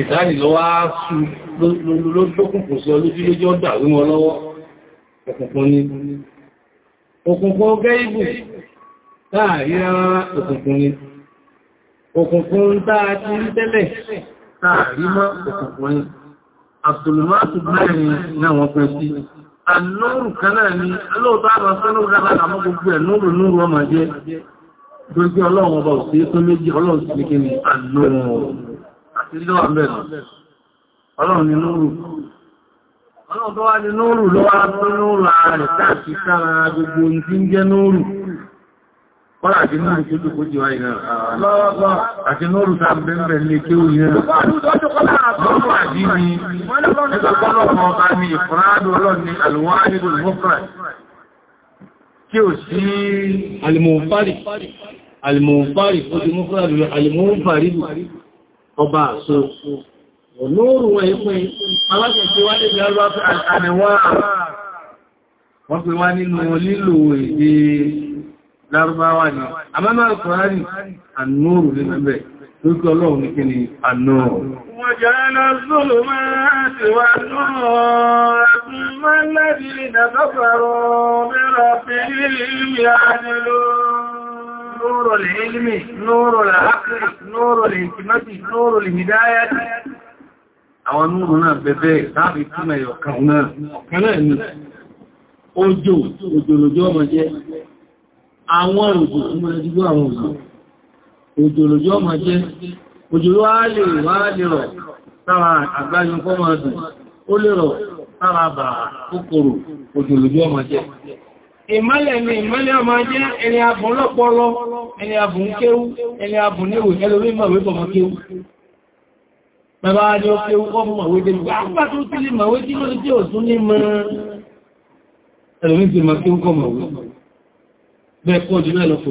ìdáni lọ wá sú lójókùnkùn sí olójú lójú ọ̀dà rí wọn lọ́wọ́ òkùnkùn ní òkùnkùn ọgẹ́ ìbù láàrí rárá òkùnkùn ní òkùnkùn táa ti rí tẹ́lẹ̀ láàrí mọ́ òkùnkùn ní àtùlùmọ́tù mẹ́rin náà wọ́n pẹ́ sí ànúrù kan náà ni lóòtọ́ àwọn sọ́lọ́rù lábára mọ́ gbogbo ẹ̀ núrù ànúrù àti lọ́wà mẹ́rin ọlọ́run ni lóòrù ọlọ́run tó wá ní lóòrù ló wá tó lóòrù ara rẹ̀ káàkiri sára gbogbo tí ń jẹ́ lóòrù kọ́lá àti lóòrù tó dùkú jù wáyé náà àti lóòrù tá bẹ́ẹ̀bẹ̀ lè ké òyìn náà Kí ò sí alìmọ̀fàrí, alìmọ̀fàrí, ó ti mú fúra lùlọ, alìmọ̀fàrí lùlọ ọba àṣó olóòrù wọn ìpín aláṣẹ tí wá níbi ọlọ́ àmìwá wọ́n pè wá nínú lílò èdè lárúbáwá ni àmọ́nà àkùránì ànóòrù ní mẹ́bẹ̀ lókè ọlọ́run ní kí ni ànóòrù wọ́n jẹ́ ẹ̀nà zúlù máa ti wà náà نور العلم نور العقل نور الحكمة نور الهداية àwọn núrù náà bẹ̀bẹ̀ tàbí túnmẹ̀ ọ̀kan náà ọ̀kan náà ní òjò òjòlòjò ọmọ jẹ́ àwọn òjò ọmọ awon ojo òjò òjòlòjò ọmọ jẹ́ òjòlò wá lè wá lè rọ̀ sára àgbáyùn fọ́mọ̀ o le lè rọ̀ sára bà kòkòrò ìmọ́lẹ̀ ni ìmọ́lẹ̀ ọmọ jẹ́ ẹni abùn lọ́pọlọ ẹni abùn kéwú ẹni abùn níwò ẹlòmí mọ̀wé bọ̀mọ̀ kéwú bàbá ni ó kéwú kọ́ fún mọ̀wé dé gbàgbà tó tí lè mọ̀wé tí lórí tí ò tún ní mọ́ ẹlòmí ti mọ̀ kéwú kọ́ mọ̀wé bẹ́ẹ̀ pọ̀ jù náà lọ kò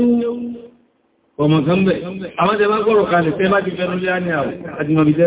lè ọmọ kan bẹ̀ àwọn tẹ bá gbọ́rọ̀ kalẹ̀ tẹ bá ti fẹ́ lórí á ní àwọn àti mọ̀bí tẹ́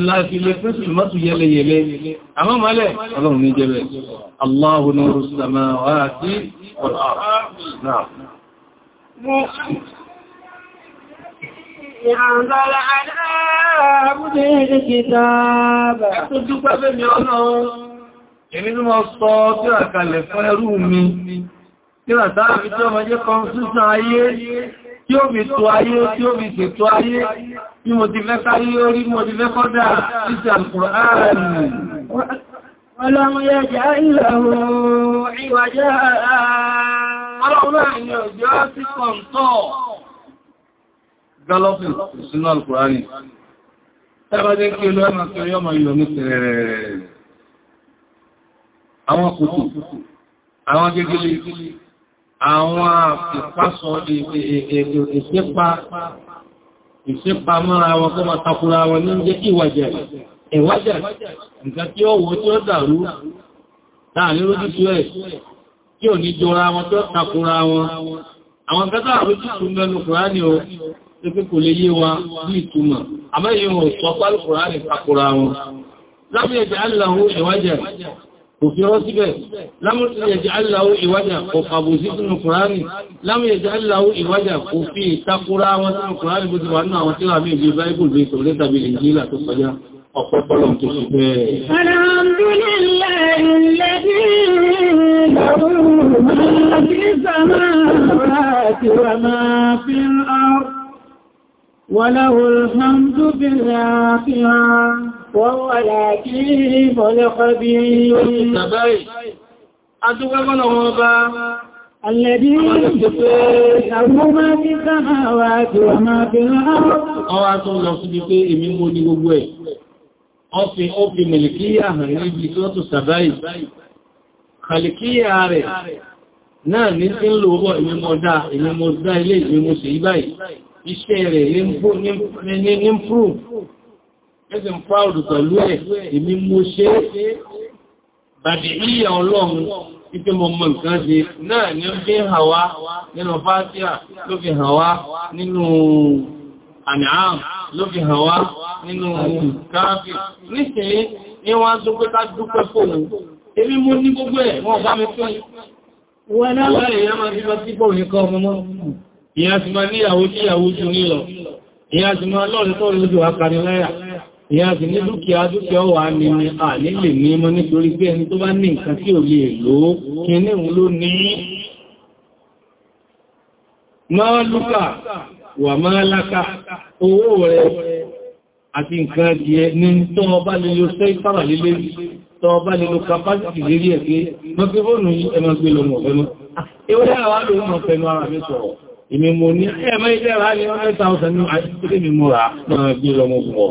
láti ilé pẹ́sù mọ́tù yẹlẹyẹlẹ àmọ́ mọ́lẹ̀ ọlọ́run ní jẹ́ bẹ̀ Allahu nuru samawati wal ardi náà Ìrànlọ́lá àdáàbùdé ìdí tí ó fi tó ayé tí ó fi ṣètò ayé bí mo ti fẹ́ káyé orí mo ti fẹ́ kọ́dá títí Al-Kùránì Ọlọ́run yẹ jẹ́ ìlàwó ìwàjá Ọlọ́run yẹ jẹ́ sí kọ̀ǹtọ́ gálọ́pì sínú Al-Kùránì tẹ́bàdé kí olú ẹ̀mà kí ọyọ́ máa yọ ní tẹ̀rẹ̀ àwọn kòtò àwọn gẹ́gẹ́lẹ́ àwọn ìpásọ ìṣẹ́pa mọ́ra wọn kó ma takura wọn ní jẹ́ ìwàjẹ̀ ìwàjẹ̀ nǹkan tí ó wọ́ tí ó dàrú láàrin lójú tí ẹ̀ tí ò ní jọra wọn tó takura wọn àwọn gẹ́gẹ́ àrójútù mẹ́nu kùránì o tí pé kò lè yé wa bí ìtumọ̀ àmẹ́yìn ò sọ pálù kùránì takura wọn lábẹ́ ìjẹ́ òfin ọwọ́ síbẹ̀ lámúyẹ̀jẹ́ aláwọ̀ ìwájà kò fàbò sí sínú kùránì lámúyẹ̀jẹ́ aláwọ̀ ìwájà kò fi ìtakúrá wọn sínú kùránì bó ti wà nínú àwọn tíra méjì bible bí sọ lẹ́ta bí ìjìlá tó kọjá ọ̀pọ̀pọ̀lọ̀ tó sì bẹ́ẹ̀ Wàláhùl hàmdù bí i ولكن الخبير الذي له ما في السماوات وما في الأرض Ọwá tó lọ sí pé èmi mú ní gbogbo ẹ̀. Ọfin ọfin Mẹ̀lìkíyà hàn níbi tí ó tó sàbáyì. Kàlìkíyà rẹ̀ náà ní tí ń lò wọ́ èmi mọ́ dá, èmi mọ́ dá ilé ìgbìmọ̀ sí ibáyì. Iṣẹ́ rẹ̀ ní ń ẹsì ń proud pẹ̀lú ẹ̀ èmi mú ṣe bàbí ìyà ọlọ́run ipé mọ mọ nǹkan ṣe náà ni ó fi hàn wá nínú fásíà ló fi hàn wá nínú àmìhàn ló fi hàn wá nínú káàfì nísìnyí ní wọ́n tó pé ká dúpẹ́ fóun èmi mú ní gbogbo ẹ̀ wọ́n bá mi ìyá fi ní dúkìá dúkìá wà ní ní à nílè ní mọ́ nítorí pé ẹni tó bá ní nǹkan tí ò lè lò ó kí ní òun ló ní máa lúkà wà máa lákà owó rẹ̀ àti nǹkan díẹ̀ ní tọ́ ọba lè lo sẹ́ ìtàrà lílé tọ́ ọba lè lo kapásìtì lérí ẹ̀ pé mọ́kífóònù ẹmọgbé lọmọ̀ ah, fẹ́mọ́ ewúrẹ́ àwọn alóhùn ọ̀fẹ́nu ara mi sọ̀rọ̀ ìmìmò ní ẹ̀mọ́ ilẹ̀ rà ní 100,000 ní àti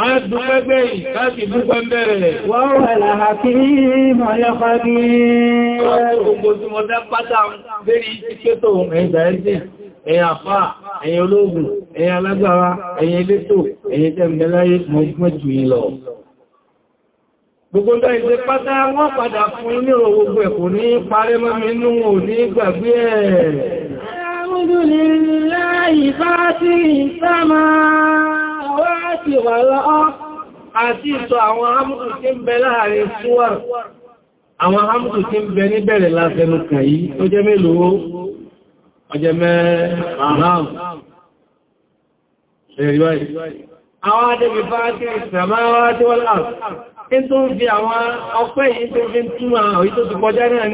Adúgbẹ́gbẹ́ ìkáàkì dúgbẹ́ bẹ̀rẹ̀. Wọ́n wà láhàkí mọ̀ yọ́kọ́ ní ọgbogbo tí mo dá pátá bẹ́rí ìṣẹ́tò ẹ̀dà ẹ̀dẹ̀, ẹ̀yà fà, ẹ̀yà ológun, ẹ̀yà alágbára, ẹ̀yà elétò, ẹ̀yà tẹ́m̀bẹ̀láyé mọ̀ jù yìí lọ. Gbogbo ìṣẹ́ pátá wọ́n padà fún ní gbogbo ẹ̀kù ní parẹ́ mọ́ mi nú wọn ò ní gbàgbé ẹ̀. Alhamdulillah fátíì sámáà láti wà láọ́ àti ìsọ àwọn hamdu tí ń bẹ láàrin súwà àwọn hamdu tí ń bẹ níbẹ̀rẹ̀ láfẹnu kàyí tó jẹ́ mélòó ọjẹ́ mẹ́ràn àwọn adébìbá tí ìsàmáwá tí wọ́n láàrín tí tó ń fi àwọn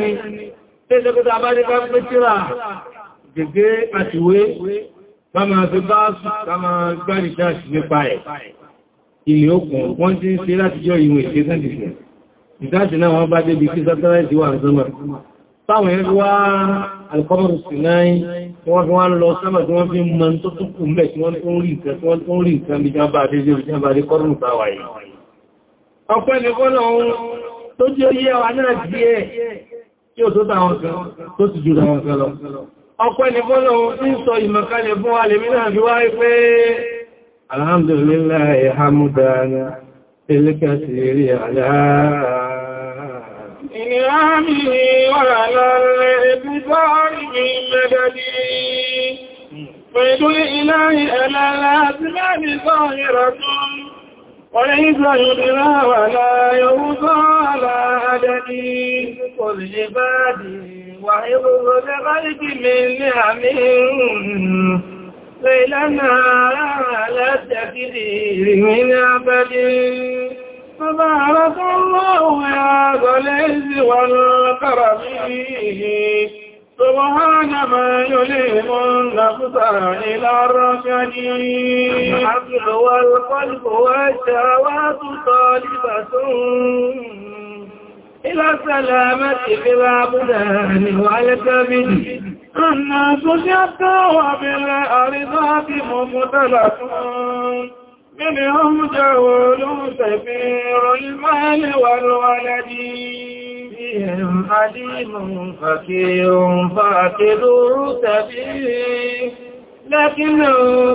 ni tí ìsẹ́kọta bá ní ká pẹ́ Kama fi bá kama gbárí ṣáàṣì nípa ẹ̀. Ilé òkun wọ́n ti ń ṣe láti jọ ìwọ̀n ìṣẹ́ sẹ́ndìsẹ̀. Ìdáṣì náà wọ́n bá débi kí sátáláìtì wà ní Táwọn ẹ̀rí wá ọpẹ́ ẹni fọ́lọ̀ ń sọ ìmọ̀kalẹ̀ fún wa lè mínà bí wá pé alhamdulillahi hamdana ala ìnìyàmì wà lọ́rẹ̀ ìbíbọ́rì mẹ́gbẹ̀dì pẹ̀lú ìlàrí ẹ̀lẹ́lẹ́ àti mẹ́rin وعظه لغيب من نعم ليلنا لا تكثير من عبد تبارك الله يا ذا العز والكرم سبحان ما يلهم النفس إلى الرشد العقل والقلب والشهوات طالبة إلى سلامة بلا بدان والكبد الناس شتى وبالأرضات ممتلة منهم جهول سفير المال والولد فيهم عليم فكير فاكد سبيل لكن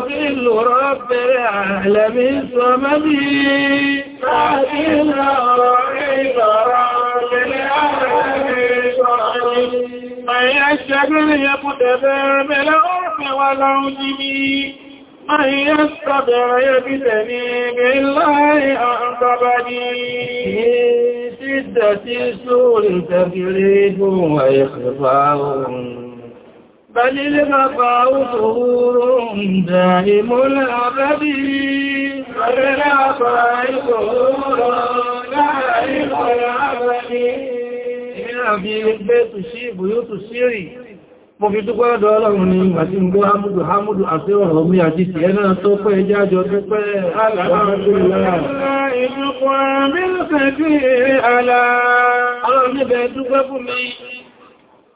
فعل رب العالمين صمدي لكن رب العالمين صمدي من يشتغل يقتدى بالعرف والعجب من يستطع يبتني بالله أعطبني شدة سور تفريد ويخفاهم بل الغفاء ظهور دائم الأبد بل الغفاء ظهور دائم الأبد Ìrìnà ẹgbẹ́ tó sí ìbòyó tó sírì, mo fi tó gbọ́dọ̀ ọlọ́run ni ń gbọ́ àti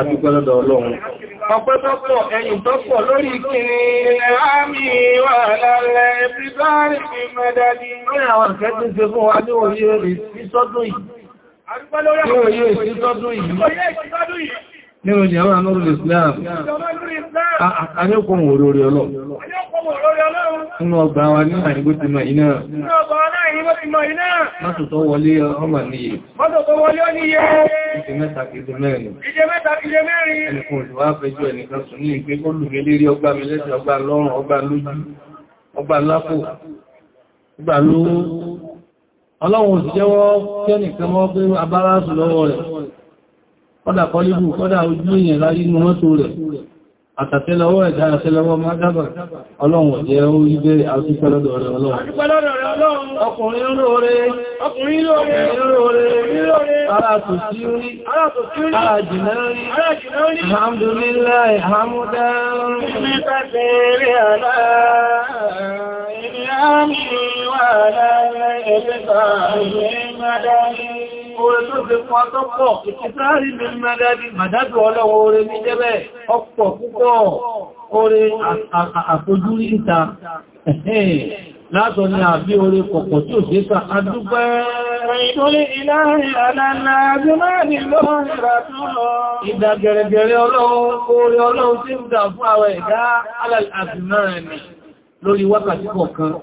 àdúgbọ́lọ́dọ̀ ọlọ́run. Ọpẹ́ tọ́pọ̀ ẹ̀yìn tọ́pọ̀ lórí kiri àmì wà lálẹ́ ìbíbárì fi mẹ́dàdì. Lórí àwọn ìfẹ́ tí ń ṣe fún wa ní òye ìsítọ́dún yìí nínú jẹ́mọ́ anúrù islam ayọ́kùnrin orí ọlọ́ nínú ọgbà wa ní àìgbó ti mọ̀ iná mọ́sùtọ́ wọlé ọmọ níye ìdí mẹ́ta ìdí mẹ́rin ẹnìkan òṣùwá fẹjọ́ ẹnìkan sùn ní ìpé kọlùmẹ́lérí ọgbà mẹ́lẹ́sẹ̀ ọgbà lọ́rùn ọgbà lójú ọgbà lápò ọgbà lówó ọlọ́run òṣìṣẹ́wọ́ kẹ́nìkan mọ́ pé abárásù lọ́wọ́ rẹ̀ kọ́dà kọlíbù kọ́dà ojú èèyàn láyé inú mọ́tò rẹ̀ àtàtẹ́lọ́wọ́ ẹ̀dá àtẹ́lọ́wọ́ máa dábà ọlọ́run ọ̀jẹ́ orí bẹ́ àtúpẹ́lọ́dọ̀ rẹ̀ ọlọ́run ọkùnrin lóore ọkùnrin lóore ara tò sí orí ara jìnà rí alhamdulillahi hamdan mẹ́tàtẹ́rẹ́ àlá ìrìn àmì wà láàrin ẹgbẹ́ta ìrìn oore tó fi fún atọ́pọ̀ ìtìsáàrí mi mẹ́rẹ́rí màdájú ọlọ́wọ́ oore ní jẹ́bẹ̀ ọ̀pọ̀ púpọ̀ oore àfojúrí ìta látọ̀ ní àbí oore kọ̀kọ̀ tí ò sépa adúgbẹ́ ìdàgẹ̀rẹ̀gẹ̀rẹ̀ ọlọ́run oore ọlọ́run tí ń dà fún àwẹ̀ ìdá alàlàbìmọ́ rẹ̀ lórí wákàtí kọ̀ọ̀kan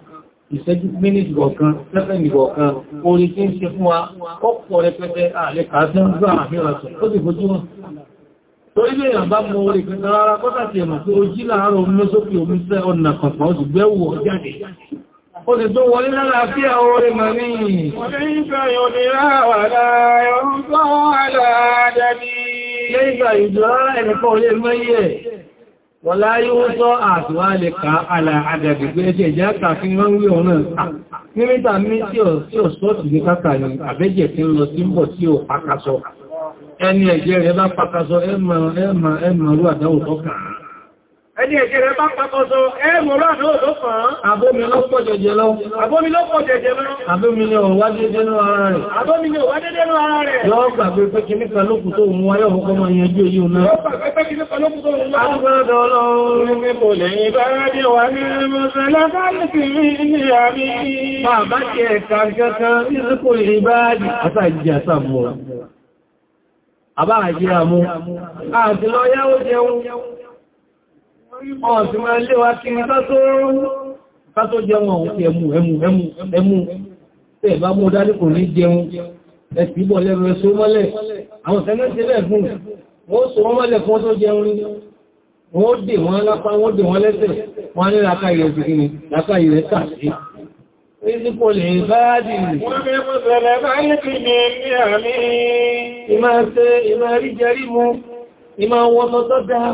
ìṣẹ́jú mínítì kọ̀ọ̀kan lẹ́fẹ̀ẹ́nì kọ̀ọ̀kan orí tí ń ṣe fún wa ọ̀pọ̀ rẹpẹtẹ ààrẹ kàásán gbà àfihàn ó sì fojú wọn torí lè yàn bá mọ orí pẹ̀lú ara kọ́tà ti tí ó láàárọ̀ omi lọ́sókè omi sẹ́ ọ̀nà kọ̀ọ̀kan ó sì gbẹ́wò jáde ó sì tó orí mà ní wọ́n láyé ó tọ́ àtúwà lè ká àlà àjàgbè pé ẹjẹ́ ìjẹ́ àkà fi wọ́n wí ọ̀nà mímítà mí tí ó sọ́ọ̀tù ní kákà ní àbẹ́jẹ̀ tí ń lọ sí ń tí ó pàkàsọ ẹni ẹ̀jẹ́ rẹ̀ bá pàkàsọ ẹmà ẹmà ẹmà rú àdáwò tọ́kàá ẹni ẹ̀ṣẹ̀ rẹ̀ bá pàkọ́sọ ẹ̀mù ránà ló fàn án. Àbómi ló pọ̀ jẹjẹ lọ. Àbómi ló pọ̀ jẹjẹ lọ. Àbómi ni ò wá dédé ní ara rẹ̀. Àbómi ni ò wá dédé ní ara rẹ̀. Yọ́ gbàgbé pé kí nípa lókù tó mú ayọ́ ọkọ̀ máa yanjú èyí ò náà. Yọ́ gbàgbé pé ọ̀sùn máa lé wa kí ní kátó jẹun ọ̀hún ẹmú ẹmú ẹmú ẹmú tẹ́ bá mú dání kò ní jẹun ẹ̀sì bọ̀ lẹ́rọ ẹ̀sọ́ mọ́lẹ̀ àwọn tẹ́lẹ́sẹ̀ lẹ́ fún wọ́n sọ wọ́n mọ́lẹ̀ fún tó jẹun rí wọ́n dè wọ́n lápá wọ́n dè wọ́n lẹ́sẹ̀ wọ́n ní làkàyè ẹ̀sìnkiri làkàyè ẹ̀ kàṣí Ìsìnkò lè Ìmá ṣe, ìmá rí jẹrí mú, ìmá wọ́n tọ́tọ́ dáa.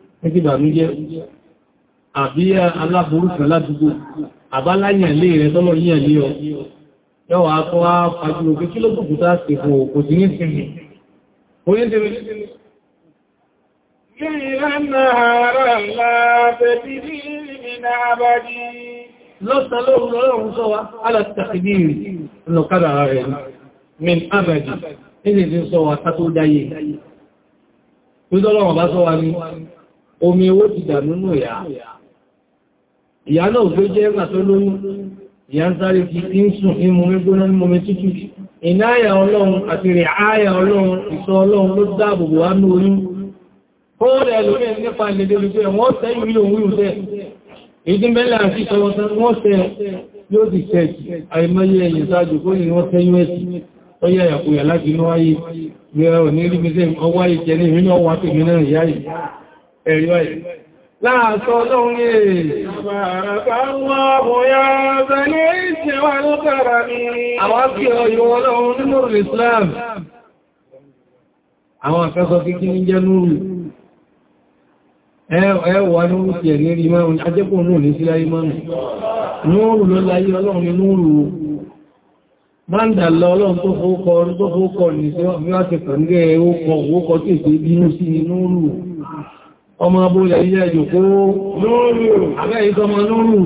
ẹgbẹ́ ìbànújẹ́ àbí aláborúkà ládùúgbò àbáláyàn lè rẹ tọ́lọ̀ yíyàn lé ọ yọ́wà tó wá fàájúrò pé kí ló kùkù tá sì fún òkú sí ní sinmi orí ti rí lọ́sàn lóòrùn lọ́rùn sọ wa alátàkìdìrì lọ́kàdà rẹ̀ min abadi ní ìdí sọ wa tátó dáyé tó dọ́lọ́wọ̀n bá omi owó ti dà nínú ìyá ìyá náà gbé jẹ́ ẹgbà tó lóyún ìyá ń sáré kí ń sùn ìmú gbígbóná ní mọ́mí tútù iná àyà ọlọ́run àti rẹ̀ àyà ọlọ́run ìṣọ́ ọlọ́run ló dáàbòbò wá ní oyún kóòrẹ̀ lórí nípa ìlẹ̀dẹ̀lẹ̀ wọ́n tẹ́ ìwé òun wíwúsẹ́ ìdínbẹ̀lẹ̀ àti ìṣọ́wọ́sẹ́ wọ́n tẹ́ yóò ti tẹ́ẹ̀kì àìmọ́yẹ ẹ̀yìn sáájú kó ní wọ́n tẹ́ ẹ̀yọ́ ẹ̀ láàṣọ ọlọ́run yẹ́ àbàràbà wọn ọ̀yà ọ̀zẹ̀lẹ̀ ìṣẹ́wà ló ní àwọn àbí ọyọ́ ní jẹ́ núrù ẹwà ló láyé ọlọ́run ní núrù mándàlá ọlọ́run tó fóókọ ní sí wọ́n fi wá ti kàn ní ẹ̀ẹ́kọ̀ tí ìpé bínú sí núrù ọmọ abúlẹ̀ ilẹ̀ ìjòkó lóòrùn abẹ́ ìsọmọ lóòrùn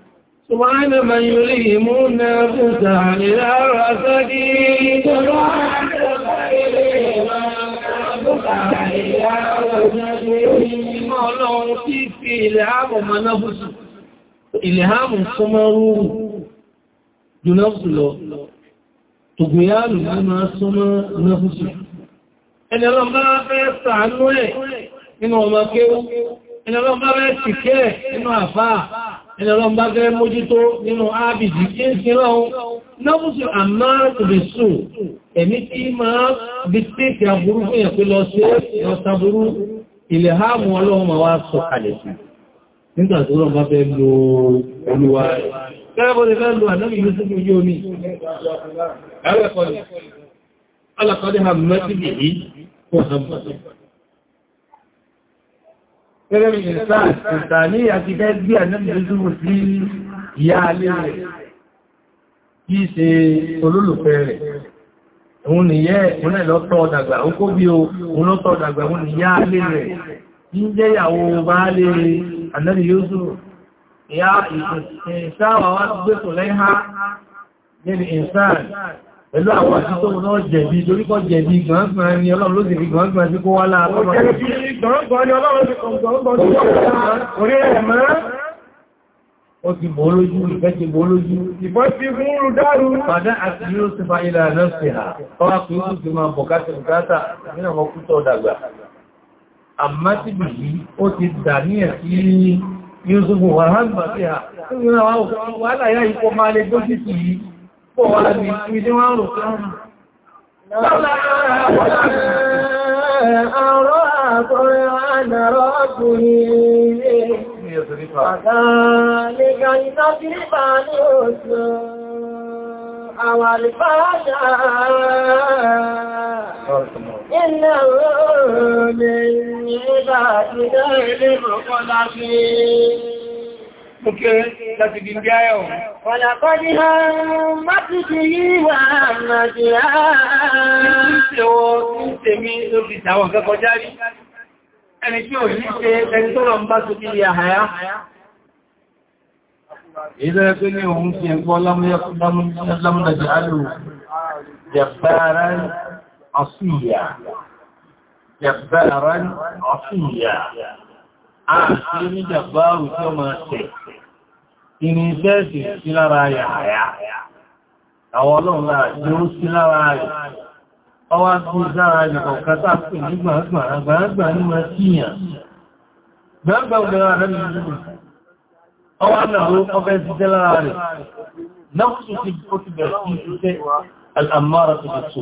سبحان من يلهم النفس عن الأرسل سبحان Ọlọ́run tí fi ilẹ̀ ààbò ma náfúsù, ilẹ̀ ààbò súnmọ́rú jù náfúsù lọ, tògbìyàlù ní máa súnmọ́ náfúsù. Ẹni ọlọ́run bá fẹ́ sàánú ẹ̀ nínú ọmọ kéwú, ẹni ọlọ́run bá fẹ́ ṣìkẹ́ nínú àfáà, ẹni ọlọ́run bá fẹ́ mójútó nínú ábìdì tí ń sin lọ́hun lọ́pùsù àmáàkùbẹ̀sù ẹ̀mí tí máa bí tèèkì àbúrú fún ìyàpé lọ sí ọ̀sàbúrú ilẹ̀ háàmù ọlọ́run ma wá sọ kalẹ̀ sí nígbà tó lọ́run bá fẹ́ lo olúwa rẹ̀ kẹ́rẹ́ bó ti fẹ́ lo ànábì Gẹ́gẹ́ bí ìsàn ìtàní àti fẹ́ gbé ànẹ́bìnrin sí ìyá alẹ́ rẹ̀, kí ṣe olólùfẹ́ rẹ̀. Òun nìyẹ́ òun lọ tọ́ ọ̀dàgbà, ó kó bí òun lọ tọ́ ọ̀dàgbà, òun nìyá alẹ́ rẹ̀. Kí jẹ́ ìyàwó bá lè ànẹ́bì pẹ̀lú àwọn àtúntò náà jẹ̀bi torí kọ́ jẹ̀bi gbọ́ngbọ́n ni ọlọ́run ló sì fi gbọ́ngbọ́n sí kó wá láàrín ó ti bò ni, ìfẹ́ ti bò lójú ìbọn ti fún olùdárù padà àti yóò ti fa ilẹ̀ àná sí ha ọwá pé ó ti máa bọ̀ káṣẹ̀ bùkátà nínú ọmọ kútọ̀ dàgbà àmá ti bì yí ó ti dà ní ẹ̀sí Yusuf wàhánbà sí ha Pọ̀ wọ́n láti ìdí wọ́n rò fún ọmọ. Àrọ́ àkọrẹ ànàrọ́ ọkùnrin ní àgbàlẹ́gà ìtàkìrípa ní oṣù àwọn àlìfáàjà. Iná rọ̀ lè ní ìgbà àti ìdá ìlú kọ́lá fi ó kéré láti bí bí ayẹ́ ọ̀. Ọ̀làkọ́dí mọ́tìtì yìí wà màjì Ẹni tí ò ní ṣe ẹni tó lọ ń bá tó kí ilé àhàyá. Ìlú ẹgbẹ́ ní òun ti ẹgbọ́ lámúdàjì alò jẹ̀bẹ̀rẹ̀ ọ̀síyà. Jẹ̀bẹ̀rẹ̀ ọ̀síyà àti oníjàbáàrù tí ó máa tẹ̀. Ìrìn bẹ́ẹ̀sì sí lára yàáyà. Àwọn ọlọ́run lára tí ó sí lára rẹ̀. Ọwá tí ó sára rẹ̀ kọ̀kátà pè ní gbàgbà gbàgbà ní máa kíyàn. Gbàgbà ọ̀dẹ́ra rẹ̀ nìyàn. Ọwá náà ló kọ́fẹ́ sí tẹ́ lára rẹ̀. Náà ti ó ti bẹ̀rẹ̀ sí iṣẹ́ al'amára tó ti tó.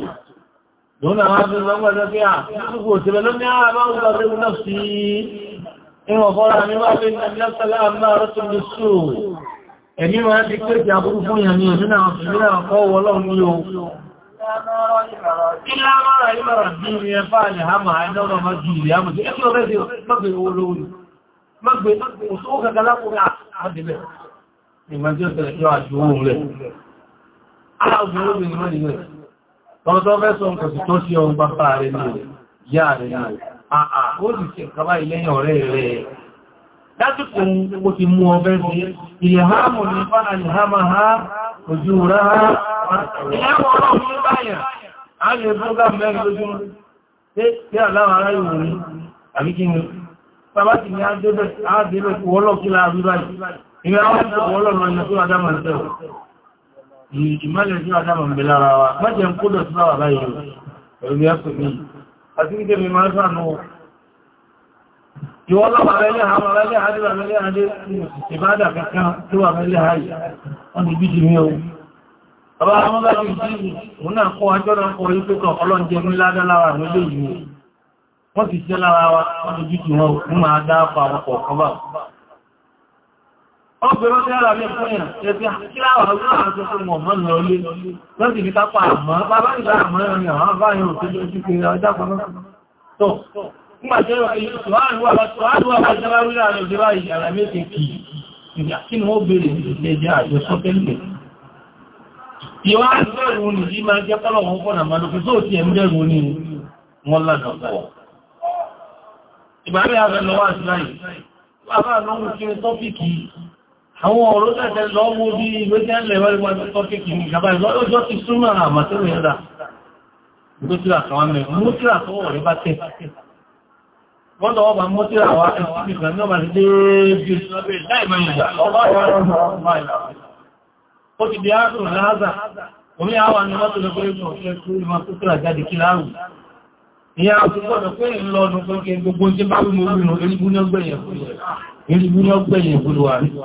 Lónà wá fi lọ́gbàdọ́ pé à, ah, ó kò tẹ́lẹ̀ lọ́mí àbáwọ̀ lọ́rẹ̀ náà sí inú ọ̀fọ́ra mi wá pé ìlẹ́sẹ̀lá máa rọ́tún lè ṣòó ẹ̀mí máa ti pé ti àbúrú fún ìyàní ẹ̀mí náà fìlẹ́ àkọ́ wọlọ́run ní o ìlàmọ́ra ìmọ̀ràn bí i ẹfà àlẹ̀ hàmà àìdọ́rọ̀ máa jù ìrìn àmà tí ẹkùn ọ̀rẹ́ sí mọ́gbẹ̀ owó lórí mọ́gbẹ̀ òṣòwò kankan lápòrò àdìbẹ̀ ìgbà tí ó tẹ̀lẹ̀ àà ó lè ṣe kàbá ilẹ́yìn ọ̀rẹ́ rẹ̀ dájúkù ó ti mú ọbẹ̀ sí ìlẹ̀hámù ní fánà ha ojú rá ìlẹ̀hámù ọlọ́run ní báyà á lè bọ́gá mẹ́rin lójú tí àláwọ̀ ará ìwò ní ni bàbá ti ní àádébẹ̀ kò wọ́lọ̀ kí láàrí báyìí ìrìn àwọn ìṣòwò ọlọ́run ẹni tó adámà ń tẹ̀wọ̀ ìmọ́lẹ̀ tí adámà ń bẹ lára wa mẹ́jẹ̀ àti ìdè mi máa ń sànú ìwọ́ lọ́pàá rẹ̀lẹ́ àwọn rẹ̀lẹ́ àdé rẹ̀lẹ́ àdé ìbádà kankan tó wà rẹ̀lẹ́ àyè wọ́n ni bíjì mí ohun bàbá amọ́bá ti jí òun náà kọ́ ajọ́dọ̀ kọ́ ipé kan ọlọ́njẹ ní ládá ọgbẹ̀rọ̀ tí ara mi fún yàn ẹ̀fẹ́ kíláwà lọ́wọ́ àti fún mọ̀mọ́ lọ lé lọ́sì ní tápà àmọ́ bàbá ìgbà àmọ́ ẹ̀rìn àwọn báyìí ò tó lé ojú pé ọjá kan náà tó nígbàtí ẹ̀rọ ìlú tó àrùwà bá tó àrùwà bá jẹ́ bá rí ààrẹ òjò báyìí ara méje kì ìgbà kí ni wọ́n béèrè ìjẹjẹ àjọ sọ́tẹ́lẹ̀ ìwà àgbẹ̀rù ni yìí máa jẹ́ kọ́lọ̀ wọn fọ́nà máa lókè tó ti ẹ̀mí dẹ̀rù ni wọ́n lànà pọ̀ ìgbà mí àfẹ́ lọ́wọ́ àti láyé bàbá lóhun kí ni tọ́pìkì àwọn ọ̀rọ̀ tẹ́tẹ́ lọ́wọ́ bí ìwé tẹ́lẹ̀ wẹ́lẹ́wọ́n tó tọ́kì kì ní ìjọba ìlọ́jọ́ ti súnmọ́ àmàtẹ́rù yẹ́dà mútíra kan mẹ́rin mútíra tó wọ̀ rí bá tẹ́ wọ́n tọ́wọ́ bá mútíra wá ẹ̀sìn ìgbà ní ọmọ ìdé bí i lọ́bẹ̀ láì mẹ́rin ìgbà ọgbà ìwọ̀n ó ti di áàrùn láàzà omi àwọn ni wọ́n tó lọ pé ọ̀ṣẹ́ tó ìmọ̀ mútíra jáde kí láàrùn ìyá àtúgbọ́dọ̀ pé ìlọ́nu pé gbogbo tí bá wí mo rí nù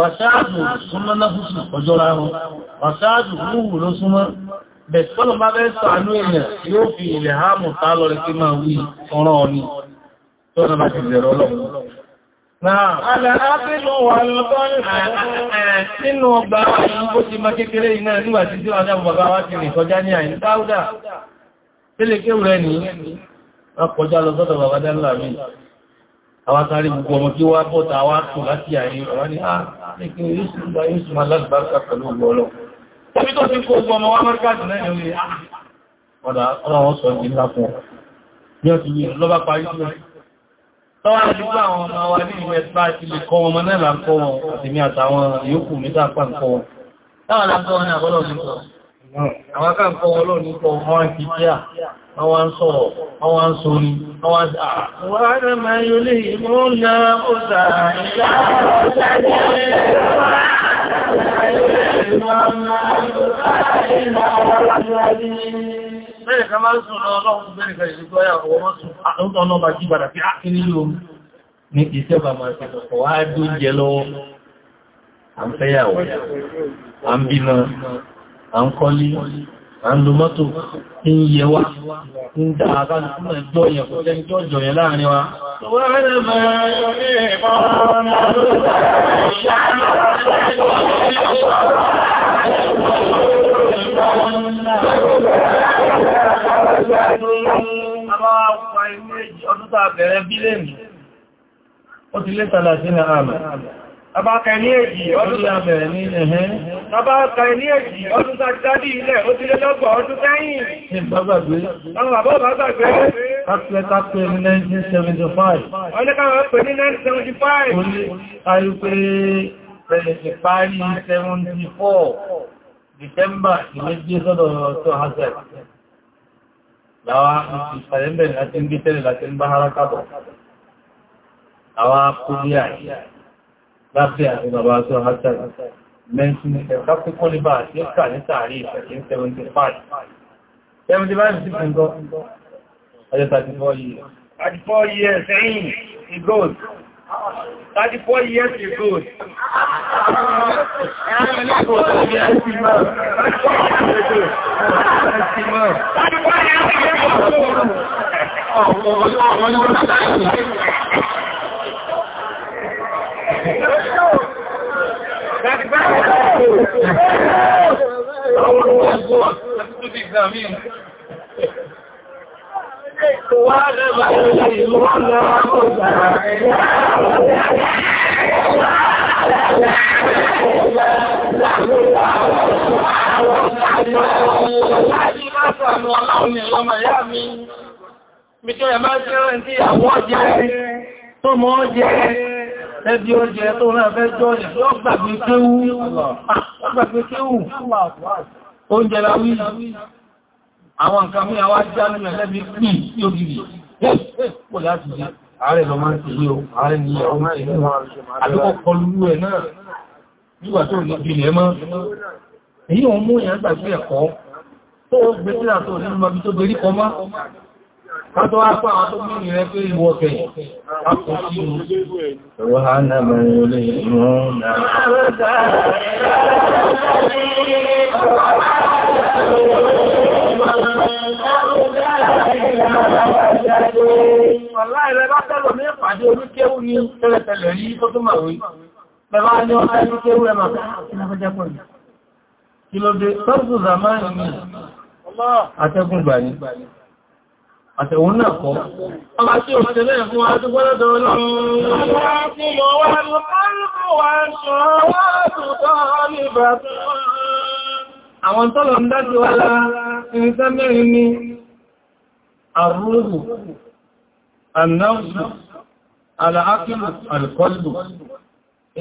rọ̀ṣáàdù súnmọ́ náfúsù ọjọ́ra wọn rọ̀ṣáàdù múhù ló súnmọ́ bẹ̀tọ́lọ̀ bá bẹ́ sọ àánú èèyàn yóò fi ilẹ̀ hàmù tààlọ̀ rẹ̀ kí máa wí ọ̀rọ̀ ọ̀ní tó rẹ̀ bá ti bẹ̀rẹ̀ ọlọ́run Nínú ọgbà àwọn bó ti máa kékeré iná nígbà tí tí wọ́n dá bàbá wá ti rìn kọjá ní àìní dáúdà, tí lè lọ sọ́dọ̀ bàbá dá àwọn tàrí gbogbo ọmọ tí wá bọ́ta wá tó láti àyè ọ̀rọ̀ ah, ní ààrẹ́kùn yóò bá yóò súnmọ́ alágbàrúkà pẹ̀lú ọgbọ̀ ọlọ́ Omi tó ti kó ọgbọ̀ ọmọ wá mọ́ríkàtì náà ní ọ̀dá ọlọ́wọ́ sọ ìdí ńlá fún ọ. Bí ọ ti rí lọ́bá parí sí ọ. Tọ́wà nígbà àwọn ọmọ wa ní ìwẹ̀ bá ti lè kọ́ ọmọ náà láńkọ́ wọn àti mi àtàwọn yòókù mi sáàpá ńkọ́ wọn. Táwọn láńkọ́ wọn ní àbọ́lọ́ àwọn ń sọ̀rọ̀, àwọn ń sórí, àwọn ń àà. Wọ́n rẹ̀ máa yóò lè mú náà ó sàárà ìlà ọ̀sẹ̀ Bẹ́rẹ̀ kan máa ń sùn lọ ọlọ́run bẹ́rẹ̀ kan ìlú gbọ́yà ọwọ́ mọ́ ah, sùn, àwọn ọ̀nà bá jí padà fi ákìrí lóòm ní ìṣẹ́bà máa ṣẹ̀kọ̀ wá dó jẹ lọ́wọ́. À ń fẹ́yàwó, à ń bímọ, à ń kọ́lé, à mọ́tò ń yẹ wá ń dá àkálùkú ẹgbọ́ yẹn kò jẹ́ tó jọ yẹn láàrin wa Ọdún tàbẹ̀rẹ̀ bílẹ̀ mi, ó ti lé tàlàtí ní àmì. Abáka ní èjì ọdún tàbí ilẹ̀ ó ti lọ́gbọ̀ ọdún sẹ́yìn. Ṣé gbàgbàgbé? Àwọn àbọ́ bàgbàgbé. Kápẹ́ kápẹ́ ní 1975. Ọlẹ́kàwọ́ pẹ̀ ní 1975. Olé ayú pé pẹ̀lẹ̀ ti parí 74 December ìlẹ́gbé sọ́dọ̀ ọ̀tọ́ Hazard. Láwá ìpàdẹ́mẹ̀ láti ń gbé tẹ́lẹ̀ láti ń bá haraka bọ̀. Àwa kúrò Láfíà ni bàbá tó hátàrí. Mẹ́sìn ẹ̀ká pípọ́ ní bá àti ẹ̀kà ní tààrí ìfẹ̀kí 75. 75 75. fúnkọ́. Ọjọ́ 34 years. 34 years ẹ̀yìn ìgòd. 34 years ìgòd. Ẹ̀rẹ́ ní ìgòd ọ̀gbẹ̀ years mọ́. 34 years ìgòd. Mi tí ó yẹ máa jẹ́ rẹ̀ tí àwọn jẹ́ tó mọ́ jẹ́ ẹbí oúnjẹ tó náà fẹ́ jọ́ọ̀nì tó ah, gbàgbé kéwú oúnjẹ la wí àwọn nǹkan mí àwá jánú ẹ̀lẹ́bí pì yóò gìrì pò láti jẹ́ ààrẹ lọ máa ń tèlé o ààrẹ ni ọmọ ìlú àlọ́kọ́ kọlu ẹ̀ náà nígbà tó lè bí lẹ́mọ́ èyí òun mú ìyàn gbàgbé ẹ̀kọ́ tó gbé sílà tó nínú ọbí tó gbé rí kọmá Kọ́tọ́ wá fún àwọn tó mú ìrẹ́ pé ìwọ ọ̀fẹ́ Bẹ̀bá ni ọmọ ẹni kéwú ẹmà kí lọ fẹ́jẹ́ pọ̀ ní. Kí ló dé, tọ́pù zàmáà ní àtẹ́gùn gbà ní àtẹ̀wọ̀n náà kọ́. Ọba tí ó tẹ̀lé fún wa tó gbọ́dọ̀ tó lọ́rùn. Wọ́n fún mọ́ wá ló kọ́lùkù wá ṣọ́ wá tó tọ́ ní bàtọ́. Àwọn tọ́lọ̀ ń dájú wá lá irinṣẹ́ mẹ́rin ní àrúrù, ànáwùsù, àlàákìlù, àlùkọ́lù,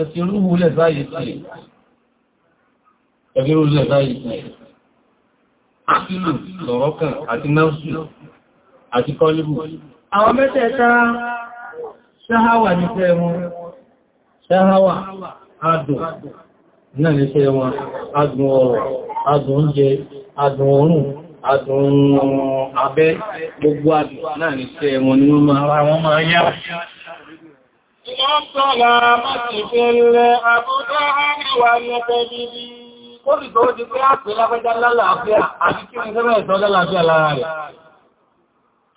ẹ̀sìrúhù lẹ̀ sáyé sí. Ẹ̀sìrúhù lẹ̀ sáyé sí. Àkìlù, lọ̀rọ̀kàn àti náwùsù àti kọlùbù. Àwọn mẹ́tẹ̀ẹ̀ta ṣáháwà ní fẹ́ wọn, ṣáháwà adùn náà ní fẹ́ wọn, adùn ọ̀rọ̀, adùn oúnjẹ, adùn òórùn, adùn abẹ́, gbogbo adùn náà ní fẹ́ wọn ni wọ́n máa wọ́n máa yá. Ó sì tó ó ti pé àpẹẹlẹ́gbẹ́dá lálàáfíà àti kí ní sẹ́bẹ̀ẹ́ sọ́dá láàáfíà lára rẹ̀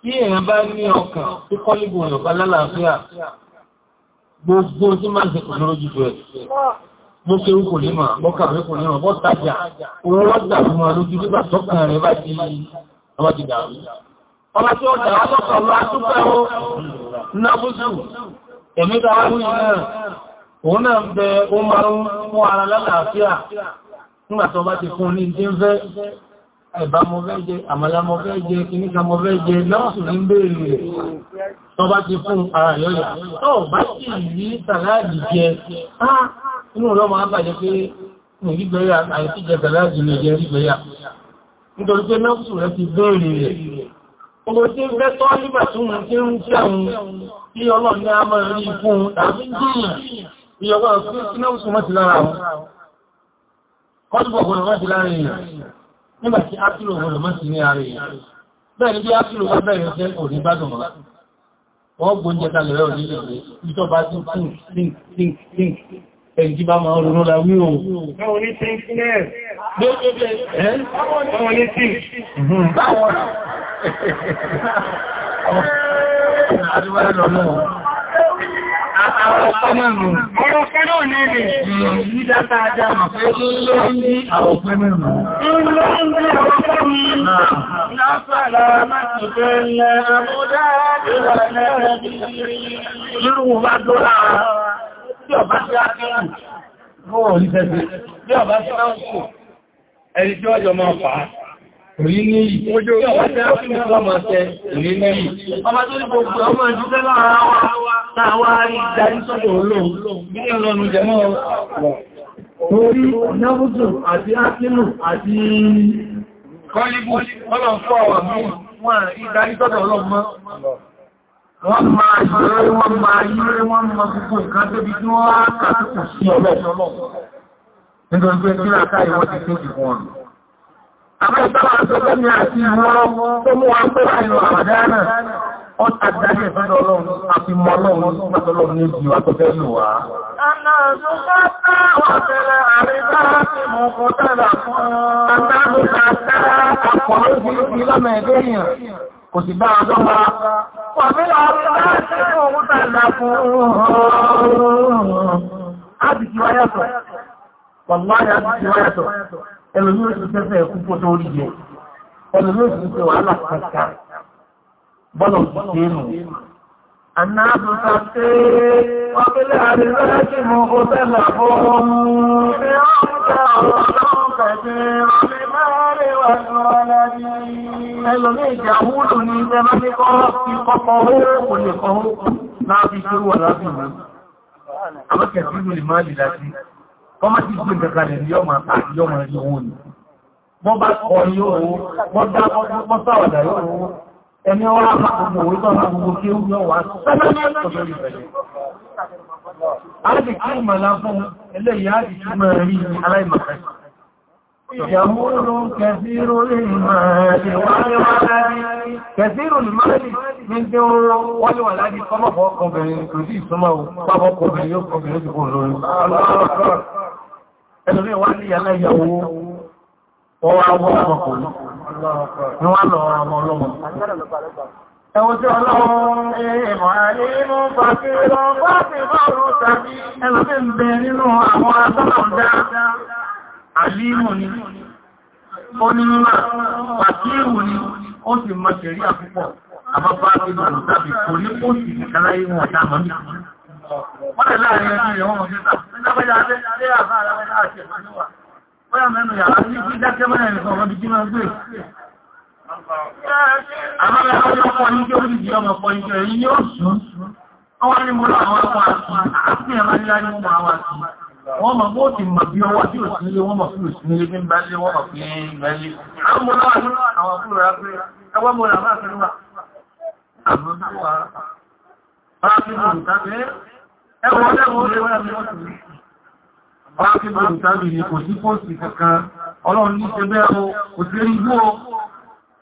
tí èèyàn bá ní ọkàn tí kọ́lígbò ọ̀nà bá lálàáfíà gbogbo tí máa ń ṣe pẹ̀lú ojú rẹ̀ mo ṣe rúkò ní ma bọ́kàwé kò ní ma bọ́ tajà owó wọ́dà fún ma lójú nígbà tọ́kàn rẹ̀ bá ti ọmọ ti dàrú ọmọ tí ó dàrú tọ́kàn lọ àtúkọ̀ ó nábùsù ẹ̀mí ta wáyé náà òun náà ń fún ní ẹ̀bá mo fẹ́ jẹ àmàlà mo fẹ́ jẹ kìníkà mo fẹ́ jẹ lọ́sù ní bèèrè rẹ̀ tó bá ti fún ara yọ́yà tó bá sì rí sàláàdì jẹ inú ọlọ́mọ àbàjẹ́ pé ìrígbẹ̀rẹ̀ àti jẹ sàláàdì lè jẹ rígbẹ̀rẹ̀ nítorí pé lọ́sù rẹ̀ ti bèèrè rẹ̀ Owó tí ń fẹ́ tọ́ nígbà tí wọ́n ti ń jẹ́ òun tí ọlọ́run ní a máa rí fún tàbí jíyàn ìyọ̀gbọ́n fún ìsinú òṣùmọ́ ti lára nígbà ápìlò gbọdọ̀ mọ́ sí ní ara èèyàn bí ápìlò bá bẹ̀rẹ̀ ṣẹ́ kò ní gbádùn wọ́n gbóúnjẹ kalẹ̀ rẹ̀ òní lè ìjọba tí ẹ̀yìn náà ní ni. Ìròyìn dáta ajá mọ̀ pé ló ń ní àwọn òpin mẹ́rin. Ló ń ní àwọn òpin mẹ́rin. Náfàlà máa tó bẹ́ẹ̀ lẹ́ra mú dáadáa lẹ́rẹ̀ bí i. Lúrùn bá dọ́là tí ọba sí akẹ́rù. Bọ́ọ̀ ní rí ní ìjọ ọ̀pẹ́ ọmọ ṣe rí ní ìjọ. Ọmọ tó ní gbogbo ọmọ ìdúgbẹ́ lára wa láwá rí ìdarí sọ́dọ̀ olóòrùn bí i ọlọ́nu jẹmọ́ orí náwùsùn àti ápínù àti kọlíbù ọlọ́run fọ́ àwọn mú wọn ìdarí sọ́dọ̀ ọlọ́run mọ́ wọ́n máa ṣe wọ́n máa yíwé wọ́n máa gbogbo nǹkan tóbi tí wọ́n á kàtùkù sí ọlọ́run nítorí pé kí Àwọn ìtàwà àṣọ́gbọ́ ni àti ìwọ́ tó mú wa ń pẹ́ láìlú àmàdánà, ọ tàbí ìfẹ́lẹ̀ ọlọ́run àti mọ́ ọlọ́run ní ìgbàtọ̀lọ́run ní ìjì wa tó fẹ́ lò wá. Ànà àṣọ́gbọ́ táwọn tẹ́lẹ̀ àrídá àti mọ̀ kọ́ tẹ́lẹ̀ fún ọ́n. Àtàbí àtàrà àpọ̀ lójú ìlọ́mẹ̀ ẹgbẹ́ èèyàn kò sì bá ọjọ́ wa. Pàmílà ọdún láti ọmọ tààlà fún ọ̀rọ̀ ẹlòmí ò sì fẹ́fẹ́ ẹ̀kú kó tó rí jẹ ẹlòmí ò sì fẹ́ wàhálà kẹta bọ́lọ̀ ìdénù Anáàbùsà pé ọbílẹ̀ àrílẹ́ kí mo kó tẹ́lẹ̀ fún ọmọ ní ọmọdé ọ̀rọ̀ lọ́wọ́ kẹ̀kẹ́ ọmọ mẹ́rin wà ní ọlọ́dí. Ẹlòmí ìjà wúlò ní ìjẹ́ bá ní kọ́ ìkọ́kọ́ owó kò lè kọ́ kọmọ́ ti gbé ìgbẹ̀kalẹ̀ ní ọmọ àti ọmọ ẹ̀yọ owó ni wọ́n bá kọ ní owó wọ́n sáwàdà yóò owó ẹni ọwọ́ àpapọ̀ owó tó àwọn gbogbo kí ó yọ wá sẹ́lẹ̀ يمول كثير المال والولد كثير المال من دور والولد فما فوق بين كثير سماو فما فوق بين يوم كثير الله أكبر ẹlòmí wá ní yàrá ìyàwó ọwọ́ àwọn ọmọkùnrin ni wọ́n lọ ọmọ ọlọ́mọ Ẹwọ́n tí ọlọ́run èèmọ̀ àlèémú fàfí lọ fàfí bọ́ọ̀rún tàbí ẹlòmí ń bẹ nínú àwọn asọ́lọ̀dá àlèémù ni, ó ní mímọ̀, pàtíìwù ni, ó sì mọ̀ ṣẹ̀rí àpúpọ̀, àbábá ti bọ̀rún tàbí kò ní kó sì kàláyé wọn dámọ́ Wọ́n lè láàrin láàrin ọmọ òṣèta. Nígbàgbẹ́jà alẹ́ alẹ́ àbá alágbẹ́jà àti ẹ̀fà ní wà. Wọ́n yà mẹ́nu yàrá ní kí dákẹ́ mẹ́rin nìkan ọmọ bí kí máa gbé. Àwọn alágbẹ́jà ọkọ̀ ní kí ó rí di ọmọ ọkọ̀ ìjọ èyí yóò sùn. Wọ́n wá ní mo lọ àwọn ọkọ̀ àti àfihàn máa ní láyé mọ́ àwọn àti. Wọ́n mọ̀ bó ti mọ̀ bí ọwọ́ tí ò sí ilé, wọ́n mọ̀ fún òsì ilé tí ń bá lé, wọ́n mọ̀ fún ìgbẹ́lé. Àwọn mo lọ́wọ́ àwọn ẹwọ́n lẹ́wọ́n ó lè wọ́n ẹ̀mí wọ́n ti rí bá kí bá ń kò sí pọ́sì kankan ọlọ́run ní ṣe bẹ́ẹ̀ kò sí igbó o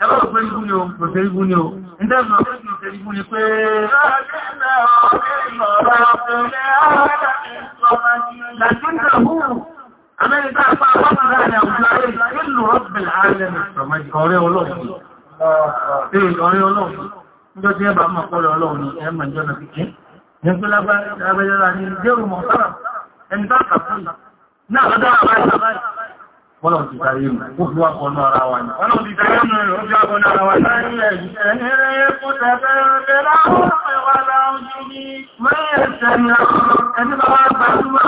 ẹgbẹ́ òpé igbó ni o kò sí igbó ni o ìdẹ́gbọ̀n pé kò sí igbó ni pé Amẹ́ríkà pa ọmọ láàrin àwùjọ ayé ìlú rọ́bìn ààrẹ ọ̀rẹ́ ọlọ́run. Ọ̀rẹ́ ọlọ́run. Ń jọ tí ẹ bá mọ̀ pọ́lẹ̀ ọlọ́run Nígbé lágbàjọ́ra ní jẹ́rù mọ̀ sára, ẹni bá kàfún náà lọ́dọ́ àbáyé àbáyé. Ọlọ́run ti tàrí mú, ó fi wá kọ́ náà ara wa ní. Ọlọ́run ti tàrí mú, ó fi wá kọ́ náà ara wa ní. Ẹni rẹ̀ kú tẹ̀fẹ́ rẹ̀ láwọn ẹwà láwọn jú ní mẹ́rin ẹ̀sẹ̀ ni àwọn ẹni bá wá gbàdúrà.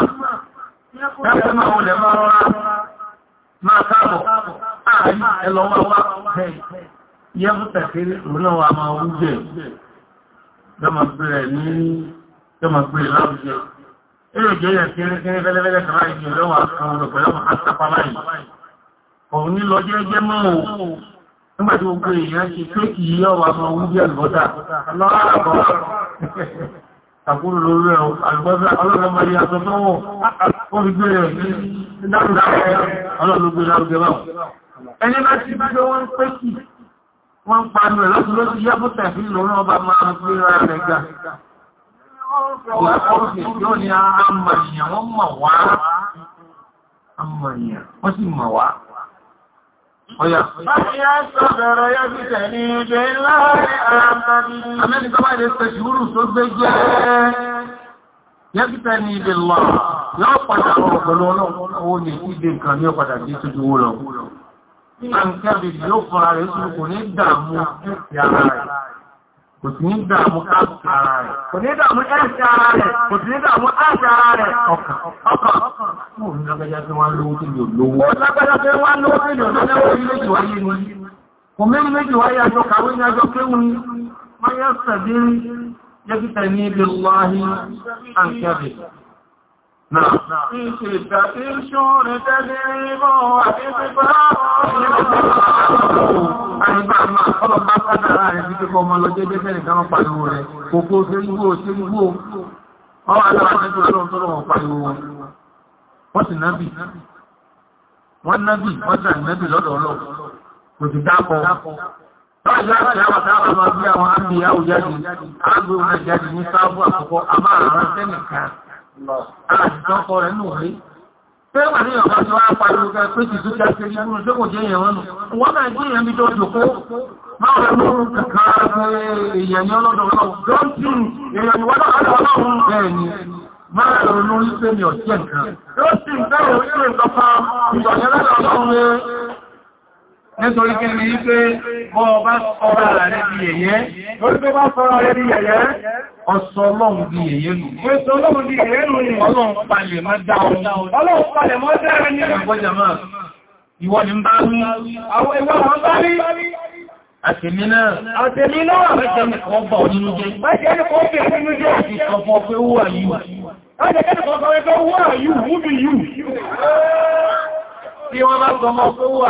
Láti máa wọlé máa rọra, máa káàbọ̀, àárín ẹlọ́wọ́ wá bẹ́ẹ̀. Yẹ́ fún tẹ̀fẹ́ rẹ̀ náà wà máa wú bẹ́ẹ̀. Lọ́mọ bẹ̀rẹ̀ ní tó máa gbé láwùjọ. Ilé ìjẹ́yà tí ó kéré fẹ́lẹ́fẹ́lẹ́ kan láì ní ọlọ́wà kan ọ̀rọ̀ pẹ̀lú àwọn àtàpá láì. Òun ní lọ jẹ́jẹ́ mọ́ o. Nígbà tí gbogbo èèyàn ti pé kì í ọwà ọmọ owó bí àlùbọ́sà. Lọ́rọ̀ Àkúrò lórí ẹ̀ àlùbọ́sà ọlọ́lọ́mọdé aṣọ tó wọ̀. Ó fi gbé rẹ̀ ní dáadáa ọlọ́lọ́gbé lárugẹ báwọn. Ẹni bá ti bá jọ wọ́n ń pé wọ́n ń ẹ̀ lọ́sùn lọ́sùn yá fún tẹ̀fí lòun máa wọ́n kọ́ọ̀kì yóò ní àmàyàn wọ́n mọ̀ wá àmàyàn wọ́n sì mọ̀ wá ọ̀yà Amẹ́ni ní lọ, yọ́ padà ọlọ́wọ́ ní nǹkan ní ọ̀padà tó jùwó lọ. yóò fún ara rẹ̀ ní rẹ̀. kò ndị ní dààmú àṣà rẹ̀. kò ní dààmú ẹ̀ṣà rẹ̀ kò sí ní dààmú àṣà rẹ̀ ọkàn ọkàn mò ń lágbájá pé wọ́n lówó tí mi lówó. ó lágbájá wọ́n lówó tí lówó في شدة الشور تدريب وإدبار Àìbá máa ọlọ́pàá kádàrá rẹ̀ títí kọ ọmọ lọ́jẹ́ jẹ́ fẹ́rẹ̀ kan pàdíwò rẹ̀, kòkó tí ń gbò tí ń gbò, ọwọ́ aláwọ̀ títí ọlọ́run tó lọ́wọ́ pàdíwò wọn. Wọ́n ti nábì, wọ́n nábì, wọ́n ti àìnábì lọ́dọ̀ ọlọ́run, kò ti dápọ̀. Báyìí Àìsàn ọkọ̀ ní pé ní ọdún ṣókò jẹ́ èèyàn nù. Wọ́n náà gbé èèyàn bí tó nítorí kí ní pé bọ́ ọba sọ́rọ̀ rẹ̀ bí ẹ̀yẹ́ lórí tó bá sọ́rọ̀ rẹ̀ bí ẹ̀yẹ́ ọ̀sọ̀ ọlọ́run bí ẹ̀yẹ́ nù ọlọ́run palẹ̀ mọ́ dá ọlọ́run palẹ̀ mọ́ dá ẹni ẹgbọ́jà máa ìwọ ni ń bá rí àwọn ìwọ àwọn bá rí Àtèmi náà. Àtèmi náà. Mẹ́jẹ́ ní kọ́ bọ̀ nínú jẹ́. Mẹ́jẹ́ ní kọ́ bẹ̀ nínú jẹ́. Àti sọ fọ́ pé wà yìí. Mẹ́jẹ́ ní kọ́ bẹ̀ pé wà yìí, wú bí yìí. Tí wọ́n bá sọ mọ́ pé wà